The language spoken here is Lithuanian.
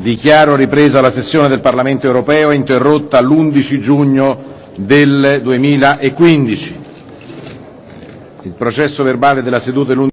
dichiaro ripresa la sessione del parlamento europeo interrotta l' undici giugno del. duemilaquindici e il processo verbale della seduta dell'.